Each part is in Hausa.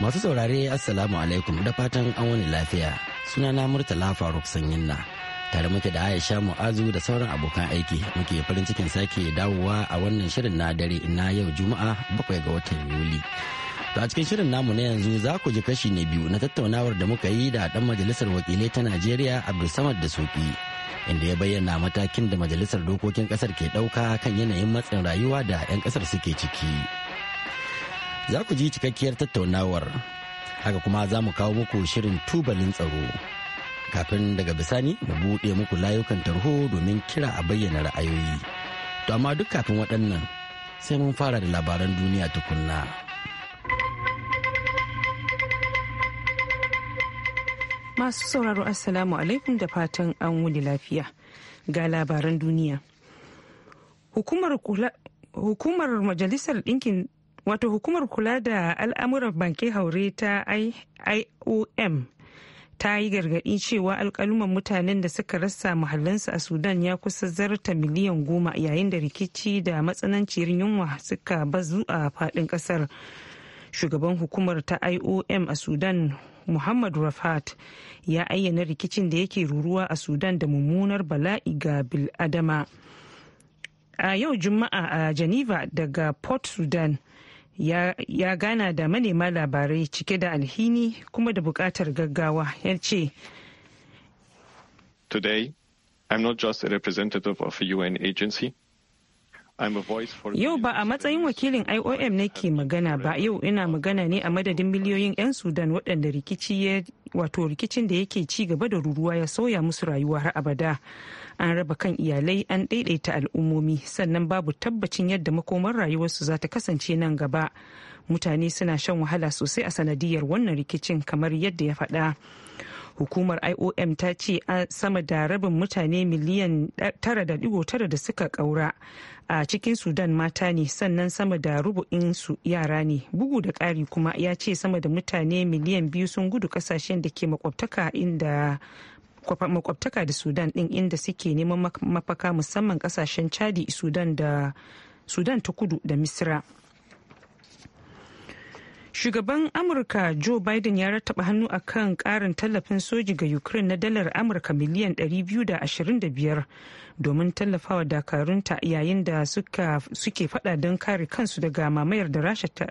Masu saurare Assalamu alaikum da fatan an wani lafiya. Sunana Murtala Faruk Sanyinna. Tare muke da Aisha Mu'azu da sauran abokan aiki muke farin cikin sake dawowa a wannan shirin na dare ina yau Juma'a bakwai ga watan Yuli. To a cikin shirin namu na yanzu za ku ji kashi na biyu na tattaunawar da muka yi da dan majalisar wakilai ta Najeriya Abdulsamad da Soki. Inda ya bayyana matakin da majalisar dokokin kasar ke ɗauka kan yanayin matsin rayuwa da 'yan kasar suke ciki. za ku ji cikakkiyar tattaunawar haka kuma za mu kawo muku shirin tubalin tsaro kafin daga bisani mu buɗe muku layukan tarho domin kira a bayyana ra'ayoyi to amma duk kafin waɗannan sai mun fara da labaran duniya tukunna masu sauraro assalamu alaikum da fatan an wuni lafiya ga labaran duniya hukumar majalisar ɗinkin wato hukumar kula da al'amuran banki haure ta iom ta yi gargaɗi cewa alkaluman mutanen da suka rasa muhallansu a sudan ya kusa zarta miliyan goma yayin da rikici da matsananciyar yunwa suka bazu a faɗin ƙasar shugaban hukumar ta iom a sudan muhammad rafat ya ayyana rikicin da yake ruruwa a sudan da mummunar bala'i ga adama a yau juma'a a geneva daga port sudan ya gana da manema labarai cike da alhini kuma da bukatar gaggawa ya ce Today, I'm not just a representative of a UN agency. Yau ba a matsayin wakilin IOM nake magana ba yau ina magana ne a madadin miliyoyin 'yan Sudan waɗanda wato rikicin da yake ci gaba da ruruwa ya sauya musu rayuwa har abada. an raba kan iyalai an daidaita al'ummomi sannan babu tabbacin yadda makomar rayuwarsu za ta kasance nan gaba mutane suna shan wahala sosai a sanadiyar wannan rikicin kamar yadda ya faɗa hukumar iom ta ce sama da rabin mutane miliyan 9.9 da suka kaura a cikin sudan mata ne sannan sama da rubu'insu yara ne bugu da ƙari kuma ya ce sama da mutane miliyan biyu sun gudu kasashen da ke makwabtaka inda makwabtaka da sudan din inda suke neman mafaka musamman kasashen chadi sudan da sudan ta kudu da misra shugaban amurka joe biden ya rattaba hannu a kan karin tallafin soji ga ukraine na dalar amurka miliyan 225 domin tallafawa dakarunta yayin da suke fada don kare kansu daga mamayar da rasha ta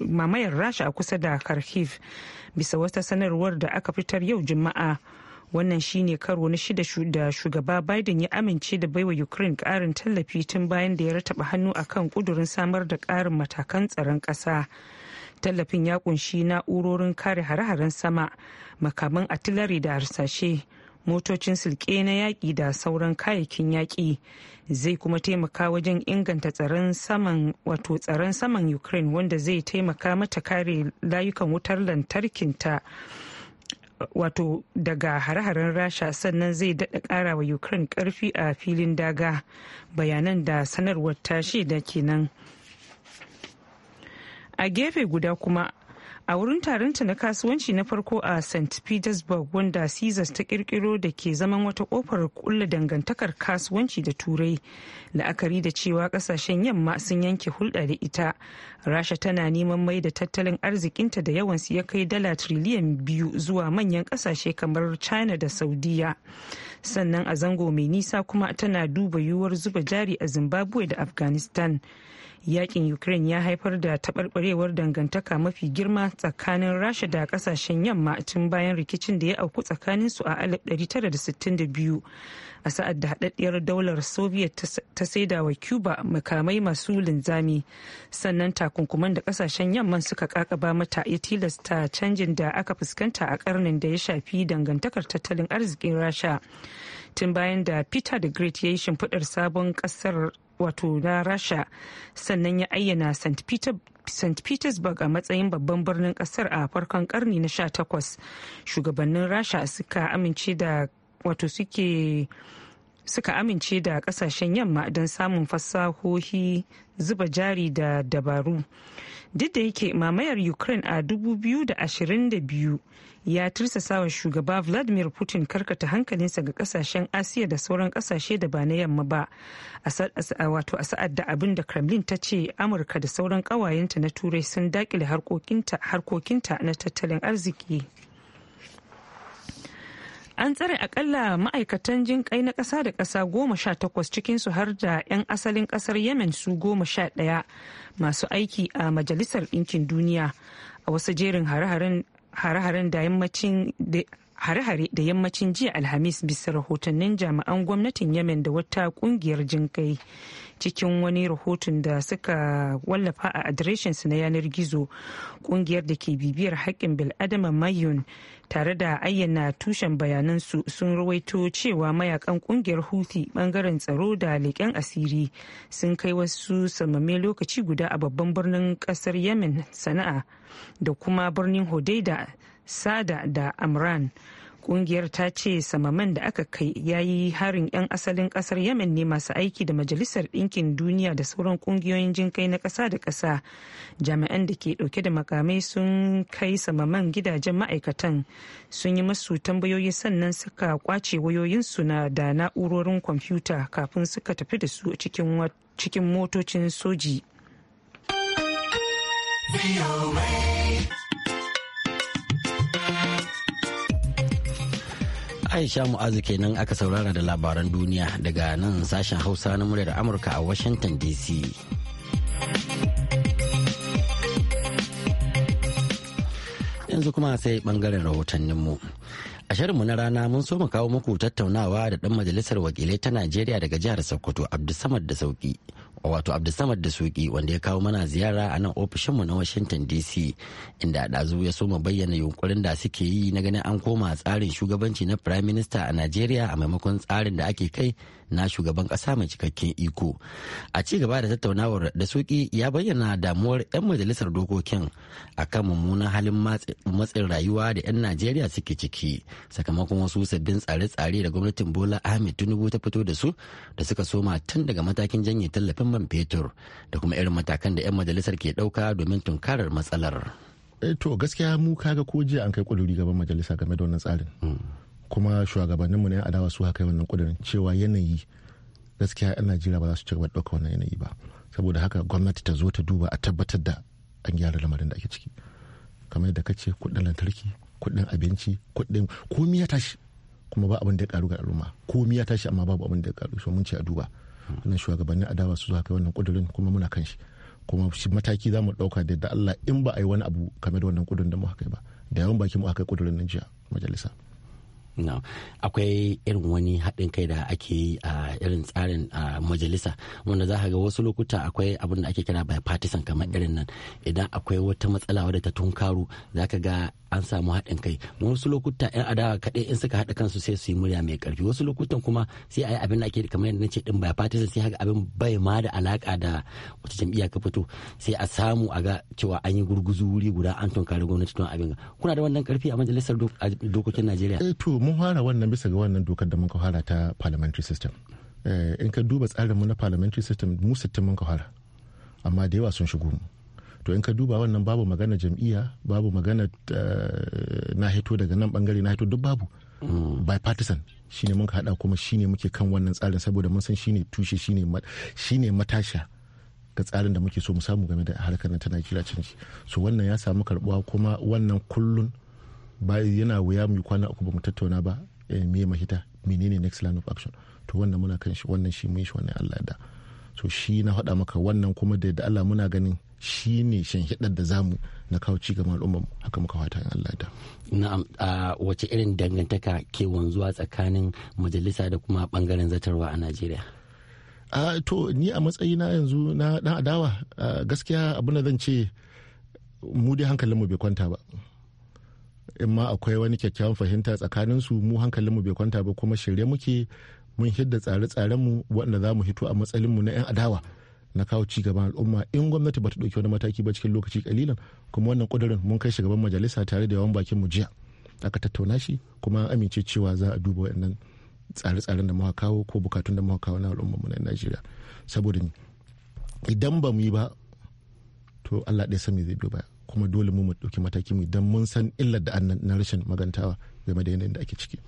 mamayar rasha a kusa da kharkiv bisa wata sanarwar da aka fitar yau juma'a wannan shine karo na shida da shugaba biden ya amince da baiwa ukraine karin tallafi tun bayan da ya rataba hannu a kan kudurin samar da karin matakan tsaron kasa tallafin ya kunshi na'urorin kare hare-haren sama makaman atilari da harsashe motocin silke na yaƙi da sauran kayayyakin yaƙi zai kuma taimaka wajen inganta tsaron saman wato tsaron saman ukraine wanda zai taimaka mata kare layukan wutar lantarkinta wato daga hare-haren rasha sannan zai daɗa ƙara wa ukraine ƙarfi a filin daga bayanan da sanarwar tashi da kenan a gefe guda kuma a wurin taronta na kasuwanci na farko a st petersburg wanda caesars ta kirkiro da ke zaman wata kofar kulla dangantakar kasuwanci da turai la'akari da cewa kasashen yamma sun yanke hulɗa da ita rasha tana neman mai da tattalin arzikinta da yawan ya kai dala triliyan biyu zuwa manyan kasashe kamar china da saudiya sannan a zango mai nisa kuma tana duba yiwuwar zuba jari a zimbabwe da afghanistan yakin ukraine ya haifar da taɓarɓarewar dangantaka mafi girma tsakanin rasha da ƙasashen yamma tun bayan rikicin da ya auku tsakanin su a 1962 a sa'ad da haɗaɗɗiyar daular soviet ta saida wa cuba makamai masu linzami sannan takunkuman da ƙasashen yamman suka ƙaƙaba mata ya tilasta canjin da aka fuskanta a karnin da ya shafi dangantakar tattalin arzikin rasha tun bayan da peter the great ya yi shimfiɗar sabon ƙasar wato na rasha sannan ya ayyana st petersburg a matsayin babban birnin kasar a farkon karni na 18 shugabannin rasha suka amince da wato suka amince da kasashen yamma don samun fasahohi zuba jari da dabaru duk da yake mamayar ukraine a 2022 ya tirsasawa wa shugaba vladimir putin karkata hankalinsa ga kasashen asiya da sauran kasashe da ba na yamma ba wato a sa'ad da abin da kremlin ta ce amurka da sauran kawayenta na turai sun dakile harkokinta na tattalin arziki an tsare akalla ma'aikatan jin na ƙasa da ƙasa goma sha takwas cikinsu har da 'yan asalin ƙasar yemen su goma sha ɗaya masu aiki a majalisar ɗinkin duniya a wasu jerin hare-haren hare-haren da yammacin hare-hare da yammacin jiya alhamis bisa rahotannin jami'an gwamnatin yemen da wata kungiyar jinkai cikin wani rahoton da suka wallafa a adireshinsu na yanar gizo kungiyar da ke bibiyar haƙƙin bil'adama mayun tare da ayyana tushen bayanansu sun rawaito cewa mayakan kungiyar houthi bangaren tsaro da leƙen asiri sun kai wasu samame lokaci guda a babban birnin ƙasar yemen sana'a da kuma birnin hodeida sada da amran kungiyar ta ce samaman da aka kai ya yi harin 'yan asalin kasar yemen ne masu aiki da majalisar ɗinkin duniya da sauran kungiyoyin jin kai na ƙasa da ƙasa jami'an da ke ɗauke da makamai sun kai samaman gidajen ma'aikatan sun yi masu tambayoyi sannan suka kwace wayoyinsu na da na'urorin kwamfuta kafin suka tafi da su cikin motocin soji. Aisha Mu'azu kenan aka saurara da labaran duniya daga nan sashen Hausa na muryar Amurka a Washington DC. Yanzu kuma sai bangaren rahotanninmu. A shirinmu na rana mun so mu kawo muku tattaunawa da ɗan majalisar wakilai ta Najeriya daga jihar Sokoto Abdulsamad da Sauki wato abdulsamad da suki wanda ya kawo mana ziyara a nan ofishinmu na washington dc inda a ɗazu ya soma bayyana yunkurin da suke yi na ganin an koma tsarin shugabanci na prime minister a nigeria a maimakon tsarin da ake kai na shugaban ƙasa mai cikakken iko a ci gaba da tattaunawar da suki ya bayyana damuwar 'yan majalisar dokokin akan mummunan halin matsin rayuwa da 'yan najeriya suke ciki sakamakon wasu sabbin tsare-tsare da gwamnatin bola ahmed tinubu ta fito da su da suka soma tun daga matakin janye tallafin man fetur da kuma irin matakan da 'yan majalisar ke ɗauka domin tunkarar matsalar. Eh, to gaskiya mu kaga ko jiya an kai kuduri gaban majalisa game da wannan tsarin hmm. kuma shugabanninmu na adawa su haka wannan kudurin cewa yanayi gaskiya yan najeriya ba za su ci gaba ɗauka wannan yanayi ba saboda haka gwamnati ta zo ta duba a tabbatar da an gyara lamarin da ake ciki kamar yadda kace kudin lantarki kudin abinci kudin komi ya tashi kuma ba abin da ya karu ga al'umma komi ya tashi amma babu abin da ya karu so mun ce a duba wannan shugabannin adawa su zo haka wannan kudurin kuma muna kan shi kuma shi mataki za mu ɗauka da da Allah in ba a yi wani abu kamar da wannan kudurin da mu haka ba da yawan baki mu haka kudurin nan jiya majalisa No. akwai irin wani haɗin kai da ake yi a irin tsarin majalisa wanda za ga wasu lokuta akwai abin da ake kira bipartisan kamar irin nan idan akwai wata matsala wadda ta tunkaru za ka ga an samu haɗin kai wasu lokuta yan adawa kaɗai in suka haɗa kansu sai su yi murya mai ƙarfi wasu lokutan kuma sai a yi abin da ake kamar yadda nace din bipartisan sai haka abin bai ma da alaƙa da wata jam'iyya ka fito sai a samu a ga cewa an yi gurguzu wuri guda an tunkari gwamnati don abin kuna da wannan ƙarfi a majalisar dokokin Najeriya eh to mun fara wannan bisa ga wannan dokar da mun ka fara ta parliamentary system eh, in ka duba tsarinmu na parliamentary system mu sittin mun ka fara amma da yawa sun shigo mu to in ka duba wannan babu magana jam'iyya babu magana eh, na hito daga nan bangare na hito duk babu mm. bipartisan shine muka hada kuma shine muke kan wannan tsarin saboda mun san shine tushe shine matasha ga tsarin da muke so mu samu game da harkar ta Najeriya canji so wannan ya samu karbuwa kuma wannan kullun yana wuya mu kwana uku ba mu tattauna ba eh, me mahita menene next line of action to wannan muna kan shi wannan shi mun shi wannan Allah ya da so shi na hada maka wannan kuma da Allah muna ganin shi ne shan shanhidar da zamu na kawo ci gaban al'ummar haka muka fata in Allah da. Na'am a wace irin dangantaka ke wanzuwa tsakanin majalisa da kuma bangaren zatarwa a Najeriya? a to ni a matsayina yanzu na dan adawa gaskiya abin da zan ce mu dai mu bai kwanta ba in ma akwai wani kyakkyawan fahimta tsakanin su mu hankalin mu bai kwanta ba kuma shirye muke mun hidda tsare-tsarenmu waɗanda za mu hito a mu na 'yan adawa na kawo ci gaban al'umma in gwamnati bata ɗauki wani mataki ba cikin lokaci kalilan kuma wannan ƙudurin mun kai shugaban majalisa tare da yawan bakin mu jiya aka tattauna shi kuma an amince cewa za a duba waɗannan tsare-tsaren da muka kawo ko bukatun da muka kawo na al'umma mu na Najeriya saboda idan ba mu yi ba to Allah ɗaya sami zai biyo ba kuma dole mu mu ɗauki mataki mu idan mun san illar da annan na rashin magantawa game da yanayin da ake ciki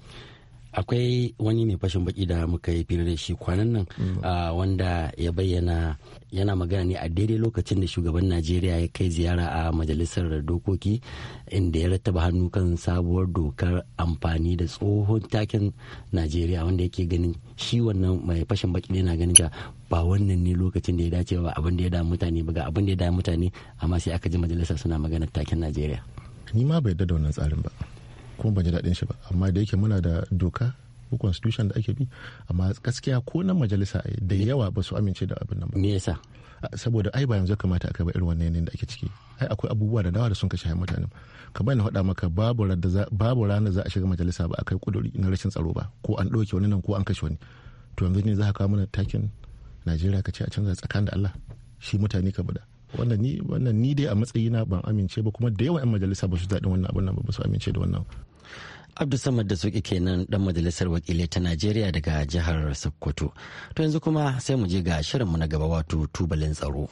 akwai wani mai fashin baki da muka yi fira da shi kwanan nan mm. ah, wanda ya bayyana yana magana ne a daidai lokacin da shugaban najeriya ya kai ziyara a majalisar dokoki inda ya rattaba hannu kan sabuwar dokar amfani da tsohon takin najeriya wanda yake ganin shi wannan mai fashin baki ne na ganin ka ba wannan ne lokacin da ya dace ba abin da ya da mutane ba ga abin da ya da mutane amma sai aka ji majalisar suna maganar takin najeriya ni ma bai da wannan tsarin ba kuma ban ji daɗin shi ba amma da yake muna da doka ko constitution da ake bi amma gaskiya ko nan majalisa da yawa ba su amince da abin nan ba me yasa saboda ai ba yanzu kamata aka ba irin wannan yanayin da ake ciki ai akwai abubuwa da dawa da sun kashe mutanen ka bani faɗa maka babu babu da za a shiga majalisa ba akai kuduri na rashin tsaro ba ko an ɗauke wani nan ko an kashe wani to yanzu ne za ka kawo mana takin Najeriya ka ce a canza tsakanin da Allah shi mutane ka bada wannan ni wannan dai a matsayina ban amince ba kuma da yawa 'yan majalisa ba su daɗin wannan abin nan ba su amince da wannan Samad da suke kenan dan majalisar wakilai ta najeriya daga jihar sokoto to yanzu kuma sai mu je ga shirinmu na gaba wato tubalin tsaro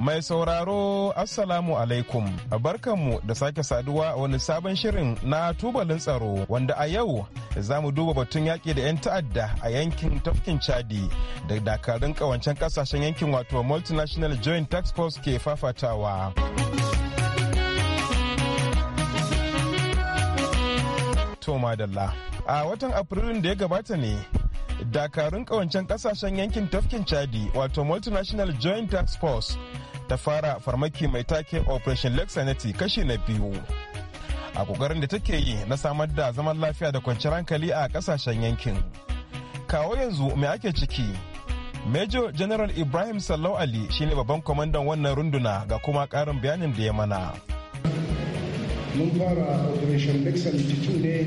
Mai sauraro Assalamu alaikum barkanmu da sake saduwa a wani sabon shirin na tubalin tsaro wanda a yau za mu duba batun yaƙi da 'yan ta'adda a yankin tafkin Chadi da dakarun ƙawancen ƙasashen yankin wato multinational joint tax force ke fafatawa. A watan Afrilun da ya gabata ne dakarun ƙawancen ƙasashen yankin tafkin chadi wato multinational joint tax force ta fara farmaki mai take operation lake sanity kashi na biyu a kokarin da take yi na samar da zaman lafiya da kwanciyar hankali a kasashen yankin kawo yanzu mai ake ciki major general ibrahim sallau ali shine babban kwamandan wannan runduna ga kuma karin bayanin da ya mana mun fara operation lake tun ne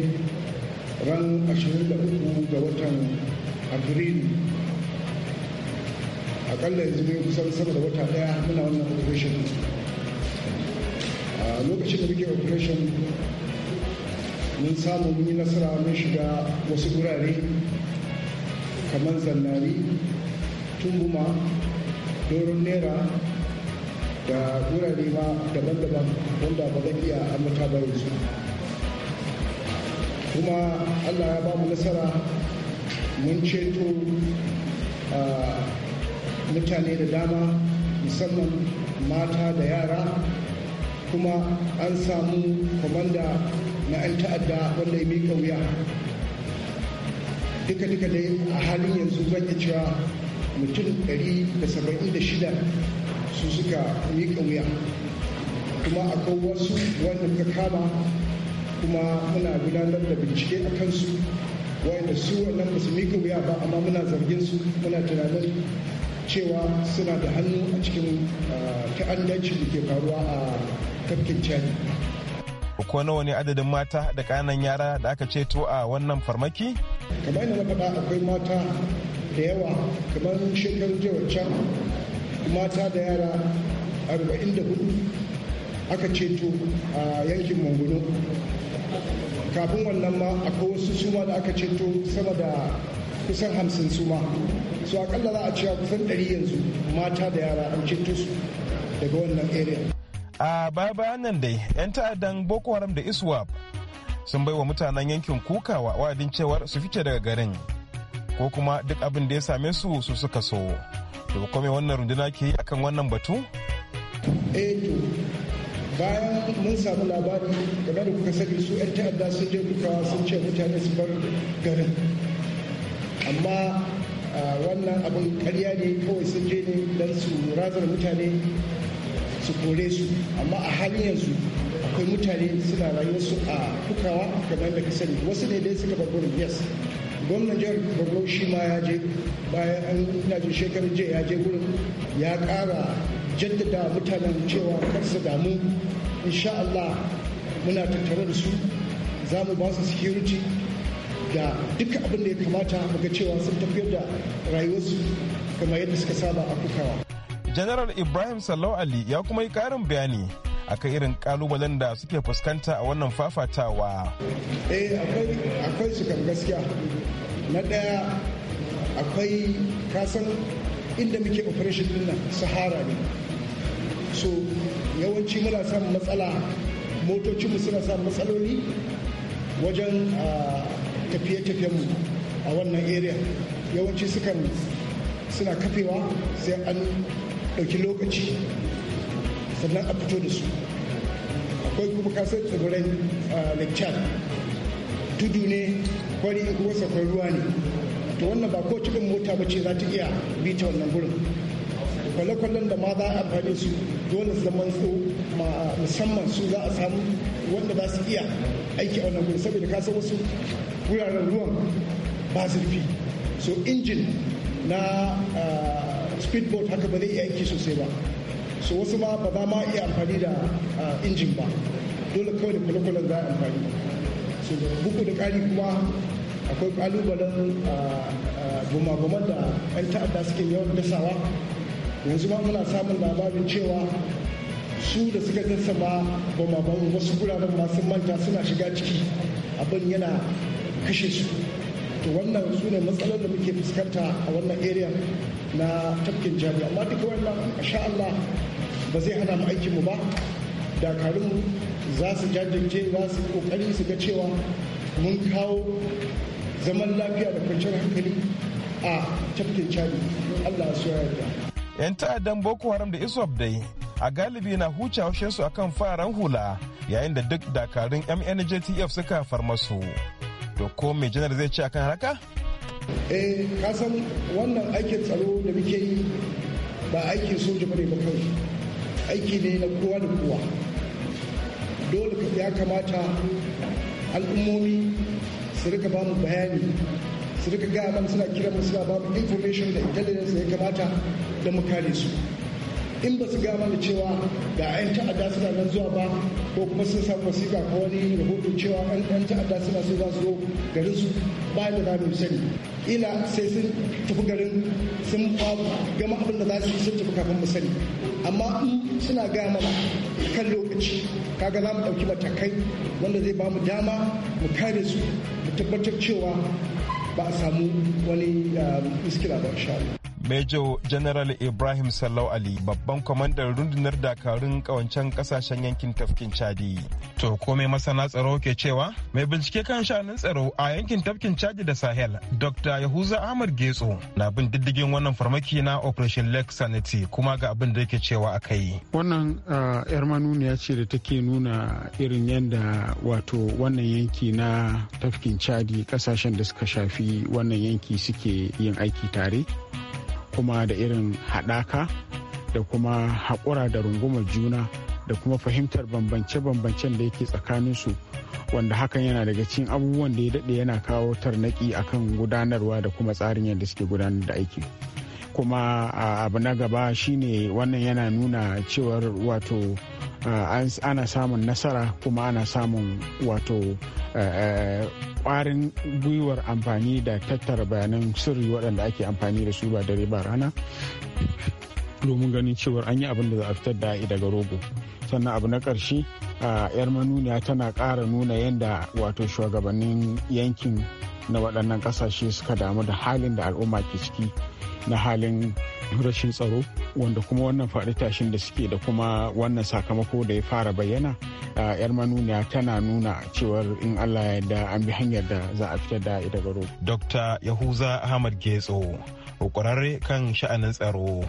ran 23 ga watan abril akalla yanzu mun kusan sama da wata daya muna wannan operation a lokacin da muke operation mun samu mun yi nasara mun shiga wasu wurare kamar zannari tumbuma doron nera da wurare ma daban-daban wanda ba zan iya amurka ba yanzu kuma allah ya ba mu nasara mun ceto ah, mutane da dama musamman mata da yara kuma an samu kwamanda na 'yan ta'adda wanda ya mika wuya duka-duka dai a halin yanzu zan cewa mutum 176 su suka mika wuya kuma akwai wasu wanda ka kama kuma muna gudanar da bincike a kansu wanda su wannan ba su mika wuya ba amma muna zargin su muna tunanin cewa suna da hannu a cikin ah, ta'addanci da ke faruwa a kafin cani. ko nawa ne adadin mata da kanan yara da aka ceto a wannan farmaki? kamar yadda na faɗa akwai mata da yawa kamar shekaru jiya can mata da yara arba'in da hudu aka ceto a yankin mangoro kafin wannan ma akwai wasu suma da aka ceto sama da kusan hamsin su ma su akalla za a cewa kusan ɗari yanzu mata da yara an cinta su daga wannan area a baya nan dai 'yan ta'addan boko haram da iswap sun bai wa mutanen yankin kukawa wa'adin cewar su fice daga garin ko kuma duk abin da ya same su su suka so to kome wannan runduna ke yi akan wannan batu eh to bayan mun samu labari game da kuka sani su 'yan ta'adda sun je kukawa sun ce mutane su bar garin amma wannan abin karya ne kawai sun je ne don su razana mutane su kore su amma a hanyar yanzu akwai mutane suna rayuwarsu a kukawa kamar da ka sani wasu ne dai suka babbar yes gwamnan jihar borno shi ma ya je bayan an ina jin shekarar jiya ya je gurin ya kara jaddada mutanen cewa kar su damu insha Allah muna tattare da su za mu ba su security da duka abin da ya kamata ga cewa sun tafiyar da rayuwarsu kamar yadda suka saba a kukawa. General Ibrahim Sallau Ali ya kuma yi karin bayani akan irin kalubalen da suke fuskanta a wannan fafatawa. Eh akwai su kan gaskiya. Na ɗaya akwai kasan inda muke operation din nan sahara ne. So yawanci muna samun matsala motocinmu suna samun matsaloli wajen ah, tafiye-tafiyenmu a wannan area yawanci sukan suna kafewa sai an ɗauki lokaci sannan a fito da su akwai kuma kasar tsibirin lake chad tudu ne kwari kuma sakwai ruwa ne to wannan ba ko cikin mota ba ce za ta iya bi ta wannan gurin kwale-kwalen da ma za a amfani su dole zaman tso musamman su za a samu wanda ba su iya aiki a wannan saboda ka san wasu wuraren ruwan ba zurfi so injin na ah, speedboat haka ba zai iya aiki sosai ba so wasu ma ba ma iya amfani da ah, injin ba dole kawai da kwale za a amfani so buku da kari kuma akwai ƙalubalen ah, goma da 'yan ta'adda suke yawan dasawa yanzu ma muna samun labarin cewa su da suka sassama ba ma wasu guraren masu manta suna shiga ciki abin yana kashe su to wannan su ne matsalar da muke fuskanta a wannan area na tafkin jami'a amma duk wannan insha Allah ba zai hana mu aikin mu ba dakarun za su jajirce za su kokari su ga cewa mun kawo zaman lafiya da kwanciyar hankali a tafkin jami Allah ya yarda. 'Yan ta'addan Boko Haram da Iswap dai a galibi na huce haushinsu akan faran hula yayin da duk dakarun mnjtf suka farmasu to ko mai janar zai ce akan haka eh kasan wannan aikin tsaro da muke yi ba aikin soja bane ba kawai aiki ne na kowa da kowa dole ya kamata al'ummomi su rika ba mu bayani su rika gaya mana suna kira mu suna ba mu information da intelligence da ya kamata da mu kare su in ba su gaya mana cewa ga 'yan ta'adda suna nan zuwa ba ko kuma sun samu wasiƙa ko wani rahoto cewa 'yan ta'adda suna so za su zo garin su ba da na sani ila sai sun tafi garin sun gama abin da za su yi sun tafi kafin mu sani amma in suna gaya mana kan lokaci kaga za mu ɗauki matakai wanda zai ba mu dama mu kare su mu tabbatar cewa ba a samu wani um, iskila ba insha Major General Ibrahim Sallau Ali babban kwamandan rundunar dakarun kawancen kasashen yankin tafkin Chadi. To komai masana tsaro ke cewa mai bincike kan shanun tsaro a yankin tafkin Chadi da Sahel Dr. Yahuza Ahmad Getso na bin diddigin wannan farmaki na Operation Lake Sanity kuma ga abin da yake cewa a kai. Wannan yar manuniya ce da take nuna irin yadda wato wannan yanki na tafkin Chadi kasashen da suka shafi wannan yanki suke yin aiki tare. kuma da irin haɗaka da kuma haƙura da rungumar juna da kuma fahimtar bambance-bambancen da yake tsakaninsu wanda hakan yana daga cikin abubuwan da ya daɗe yana kawo tarnaki akan gudanarwa da kuma tsarin yadda suke gudanar da aiki kuma abu na gaba shine wannan yana nuna cewar wato Ah, ana samun nasara kuma ana samun wato kwarin eh, eh, gwiwar amfani da tattara bayanan sirri waɗanda ake amfani da su ba dare ba rana domin ganin cewar an yi abin da za a fitar da daga rogo sannan abu na ƙarshe ah, yar manuniya tana ƙara nuna yadda wato shugabannin yankin na waɗannan ƙasashe suka damu da halin da al'umma ke ciki na halin rashin tsaro wanda kuma wannan faɗi tashin da suke da kuma wannan sakamako da ya fara bayyana yar manuniya tana nuna cewar in allah ya da an bi hanyar da za a fitar da ita garo. dr yahuza ahmad getso kwararre kan sha'anin tsaro.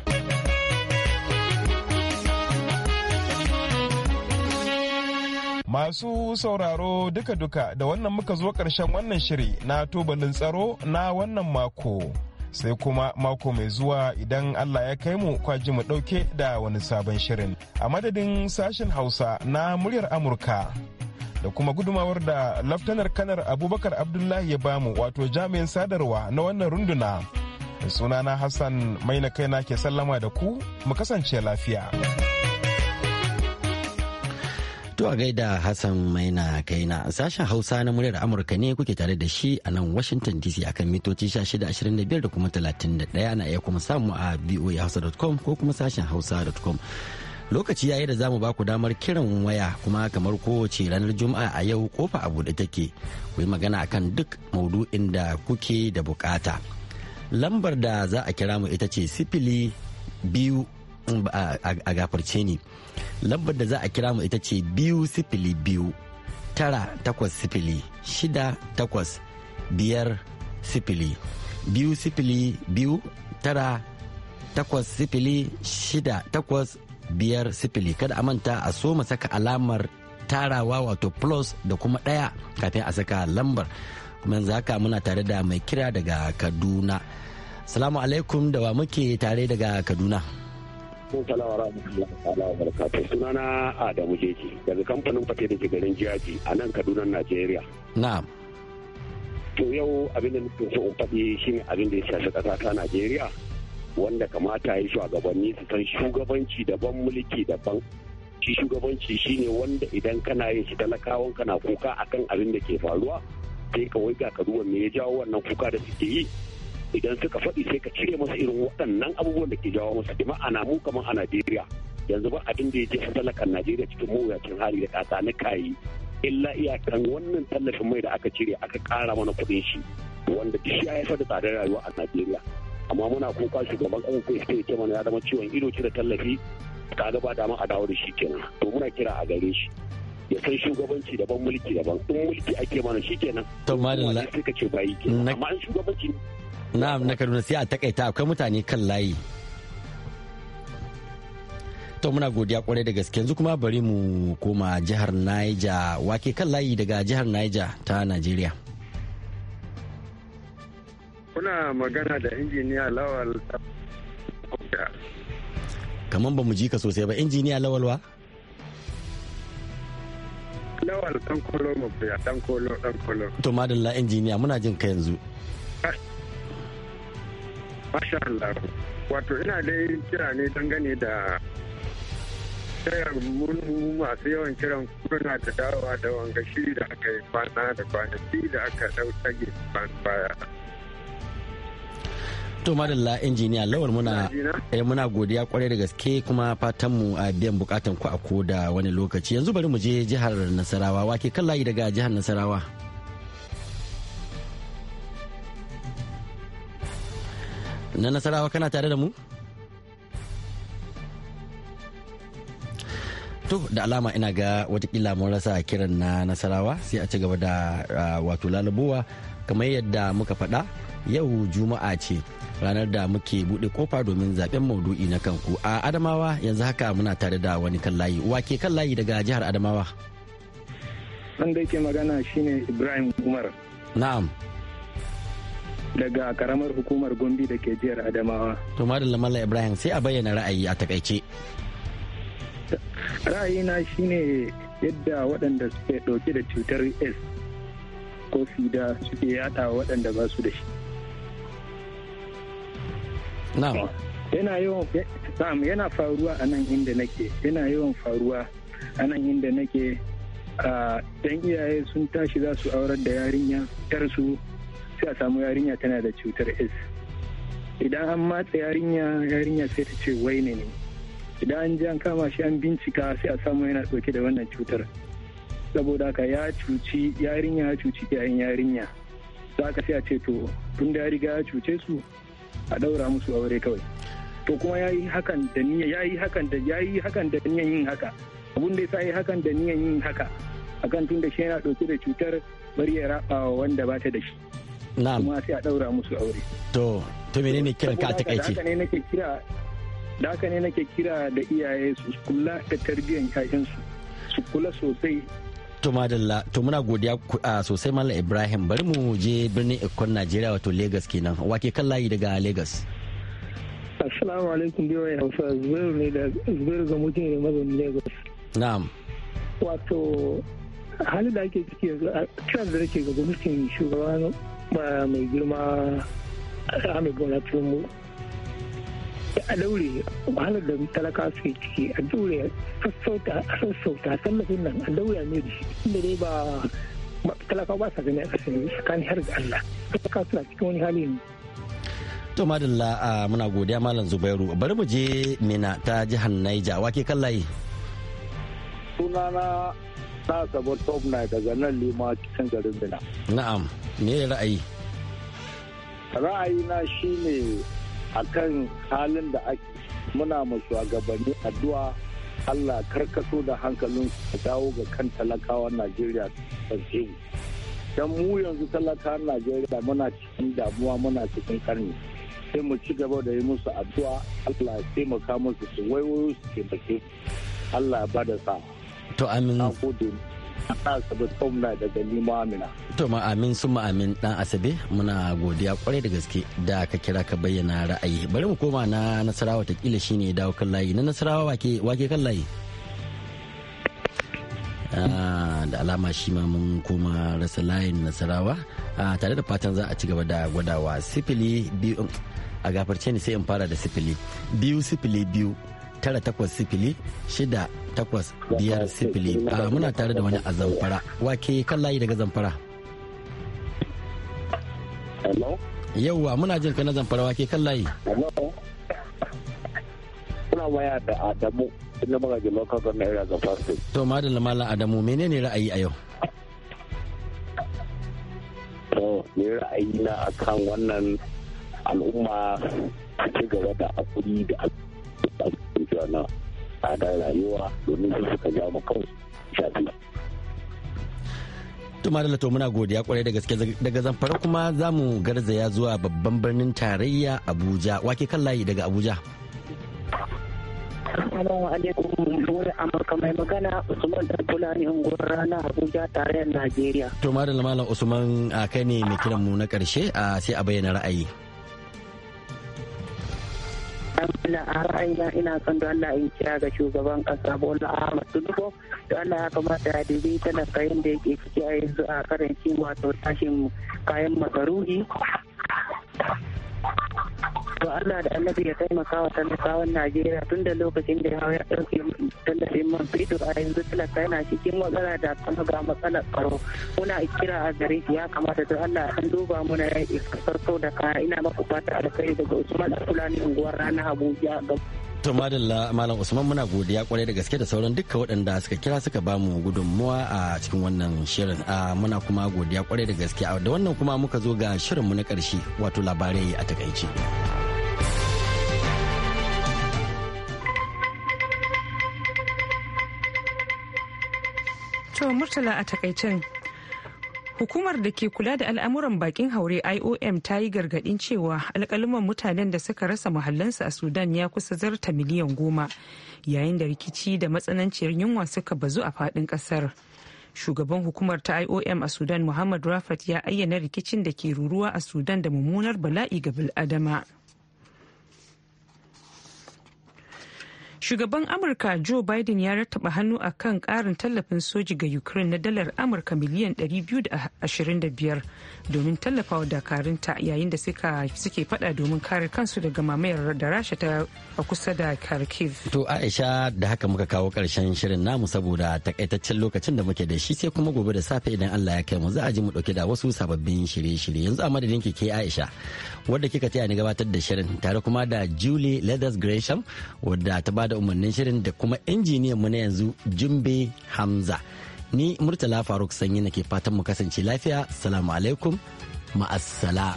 Masu sauraro duka-duka da wannan muka zo ƙarshen wannan shiri na tubalin tsaro na wannan mako. sai kuma mako mai zuwa idan Allah ya kai mu kwaji mu ɗauke da wani sabon shirin. A madadin sashen Hausa na muryar Amurka da kuma gudumawar da Laftanar Kanar Abubakar Abdullahi ya bamu wato jami'in sadarwa na wannan runduna. Sunana Hassan mai na kaina ke sallama da ku mu kasance lafiya. To a gaida Hassan Maina Kaina sashen Hausa na muryar Amurka ne kuke tare da shi a nan Washington DC akan mitoci 1625 da kuma 31 na iya kuma samu a voahausa.com ko kuma sashen hausa.com. Lokaci yayi da zamu baku damar kiran waya kuma kamar kowace ranar Juma'a a yau kofa a buɗe take. Ku yi magana akan duk maudu'in da kuke da bukata. Lambar da za a kira mu ita ce sifili biyu a gafarce ni lambar da za a kira mu ita ce biyu sifili biyu tara takwas sifili shida takwas biyar sifili biyu sifili biyu tara takwas sifili shida takwas biyar sifili kada a manta a so saka alamar tarawa wato plus da kuma ɗaya kafin a saka lambar yanzu haka muna tare da mai kira daga kaduna salamu alaikum da wa muke tare daga kaduna alaikum salam wa rahmatullahi wa barakatuh. Sunana Adamu Jeji daga kamfanin fate da ke garin Jiyaji a nan Kaduna Najeriya. Na'am. To yau abin da nake so in faɗi shine abin da ya shafi ƙasa ta Najeriya wanda kamata ya shugabanni su san shugabanci daban mulki daban. Shi shugabanci shine wanda idan kana yin shi talakawan kana kuka akan abin da ke faruwa sai ka wai ka kaduwan me ya jawo wannan kuka da suke yi idan suka faɗi sai ka cire masa irin waɗannan abubuwan da ke jawo masa bi ma'ana mu kamar a najeriya yanzu ba abin da ya jefa talakan najeriya cikin mawuyacin hali da ƙasa na kayi illa iyakan wannan tallafin mai da aka cire aka ƙara mana kuɗin shi wanda duk shi ya haifar da tsadar rayuwa a najeriya amma muna kuka shugaban ƙasar kai sai ce mana ya zama ciwon ido cire tallafi ga ba dama a dawo da shi kenan to muna kira a gare shi ya san shugabanci daban mulki daban in mulki ake mana shi kenan to malalla sai ka ce bayi kenan amma in shugabanci na'am na kaduna sai a takaita akwai mutane kan layi to muna godiya kwarai da gaske yanzu kuma bari mu koma jihar Naija wake kan layi daga jihar Naija ta Najeriya. Kuna magana da injiniya Lawal Kaman ba mu ji ka sosai ba injiniya Lawal wa? Lawal dan kolo mafiya dan kolo dan kolo. To madalla injiniya muna jin ka yanzu. Ah, Masha Allah. Wato ina dai kira ne dangane da tayar murhu masu yawan kiran kuna da dawa da wanga shiri da aka yi kwana da kwanaki da aka ɗautage kwan baya. To madalla injiniya lawal muna eh, godiya kwarai da gaske kuma fatanmu a biyan bukatan ku a koda wani lokaci yanzu bari mu je jihar Nasarawa wake kan layi daga jihar Nasarawa. na nasarawa kana tare da mu to da alama ina ga watakila mun rasa kiran na nasarawa sai a ci gaba da wato lalubowa kamar yadda muka faɗa yau juma'a ce ranar da muke buɗe kofa domin zaben maudu'i na kanku a adamawa yanzu haka muna tare da wani kan layi wake kan layi daga jihar adamawa wanda yake magana shine ibrahim umar na'am daga karamar hukumar gombe da ke jihar adamawa to malam ibrahim sai a bayyana ra'ayi a takaice ra'ayina shine yadda waɗanda suke ɗauke da cutar s ko sida suke yata waɗanda ba su da shi yana yana faruwa a nan inda nake yana yawan faruwa a nan inda nake a ah, iyaye sun tashi za su aurar da yarinya su sai a samu yarinya tana da cutar s idan an matsa yarinya yarinya sai ta ce wai ne idan an ji an kama shi an bincika sai a samu yana ɗauke da wannan cutar saboda haka ya cuci yarinya ya cuci yayin yarinya za ka sai a ce to tun da ya riga ya cuce su a ɗaura musu aure kawai to kuma ya yi hakan da niyan ya yi hakan da ya yi hakan da niyan yin haka abun da ya yi hakan da niyan yin haka akan tun da shi yana ɗauke da cutar bari ya raɓa wanda ba ta da shi na'am kuma sai a daura musu aure to to menene kiran ka ta kaice? Da nake kira da haka ne nake kira da iyaye su kula da tarbiyyar ƴaƴansu su kula sosai to madalla to muna godiya sosai mallam Ibrahim bari mu je birnin Ikon Najeriya wato Lagos kenan wake kan layi daga Lagos Assalamu alaikum biyo ya hausa zubairu ne da zubairu ga mutum da mazan Lagos na'am wato hali da ake ciki yanzu a kiran da nake ga gwamnatin shugaban ba mai girma Ahmed Bola Tinubu a daure wahalar da talaka su ciki a daure sassauta a tallafin nan a daure ne da inda dai ba talaka ba sa gani a ƙasar tsakanin har ga Allah talaka suna cikin wani hali ne. To madalla a muna godiya Malam Zubairu bari mu je Mina ta jihar Naija wake kallaye. Sunana sa top na daga nan lima cikin garin bina na'am me ra'ayi ra'ayina shine akan halin da ake muna ma shugabanni addu'a Allah karkaso da hankalin su dawo ga kan talakawan Najeriya zai dan mu yanzu talakawan Najeriya muna cikin damuwa muna cikin karni sai mu ci gaba da yi musu addu'a Allah ya taimaka musu su waiwayo su taimaki Allah ya bada sa'a to amin to ma amin sun ma amin dan asabe muna godiya kwarai da gaske da ka kira ka bayyana ra'ayi bari mu koma na nasarawa ta kila shine dawo kan layi na nasarawa wake wake kan layi ah, da alama shi ma mun koma rasa layin nasarawa ah, tare da fatan za a ci gaba da gwadawa sifili biyu a gafarce ne sai in fara da sifili biyu sifili biyu tara takwas sifili shida takwas biyar sifili ah, muna tare da wani a zamfara wake kan layi daga zamfara yauwa muna jin ka na zamfara wake kan layi suna waya da adamu na magajin local government area zamfara to madalla malam adamu menene ra'ayi a yau to ne ra'ayi na akan wannan al'umma ci gaba da akuri da wannan tsadar rayuwa domin su suka mu kawai shafi tuma da lato muna godiya kwarai da gaske daga zamfara kuma za mu garzaya zuwa babban birnin tarayya abuja wake kan layi daga abuja Assalamu alaikum wani Amurka mai magana Usman da Fulani unguwar rana Abuja tarayyar Najeriya. To da Malam Usman kai ne mai kiran mu na karshe sai a bayyana ra'ayi. dan a ra'ayina ina son da Allah in kira ga shugaban kasa Bola Ahmad Tinubu da Allah ya kamata ya dubi talakayin da yake ciki a yanzu a karanci wato tashin kayan masarufi to Allah da annabi ya taimaka wa talakawan Najeriya tun da lokacin da ya ɗauke tallafin man fetur a yanzu talaka yana cikin matsala da kuma ga matsalar tsaro muna kira a gare ya kamata da Allah an duba muna ya farko da kaya ina maku fata alkhairi daga Usman Fulani unguwar rana Abuja ga to madalla malam usman muna godiya kwarai da gaske da sauran dukkan waɗanda suka kira suka ba mu gudunmuwa a cikin wannan shirin muna kuma godiya kwarai da gaske da wannan kuma muka zo ga shirinmu na ƙarshe wato labarai a takaice. To Murtala a takaicin Hukumar da ke kula da al'amuran bakin haure IOM ta yi gargadin cewa alkaliman mutanen da suka rasa muhallansu a Sudan ya kusa zarta miliyan goma yayin da rikici da matsananciyar yunwa suka bazu a fadin kasar Shugaban hukumar ta IOM a Sudan Muhammad Rafat ya ayyana rikicin da ke ruruwa a Sudan da mummunar bala'i ga bil'adama. Shugaban Amurka Joe Biden ya rattaba hannu a kan karin tallafin soji ga Ukraine na dalar Amurka miliyan 225 domin tallafawa dakarunta yayin da suke fada domin kare kansu daga mamayar da rasha ta a kusa da Kharkiv. To Aisha da haka muka kawo karshen shirin namu saboda takaitaccen lokacin da muke da shi sai kuma gobe da safe idan Allah ya kai mu za a ji mu dauke da wasu sababbin shirye-shirye yanzu a madadin ki ke Aisha wadda kika taya ni gabatar da shirin tare kuma da Julie Leathers Gresham wadda ta bada da umarnin shirin da kuma injiniyan mu na yanzu Jumbe Hamza. Ni Murtala Faruk Sanyi nake fatan mu kasance lafiya. Salamu alaikum. Ma'asala.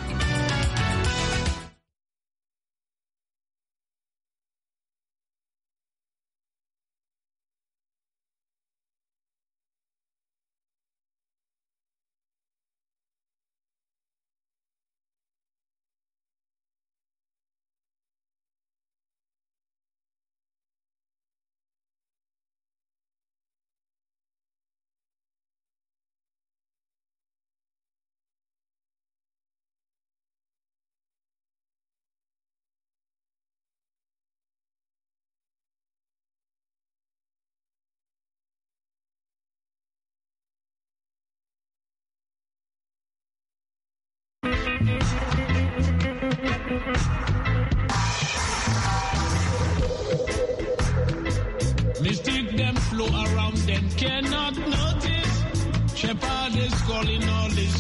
cannot notice. Shepard is calling all his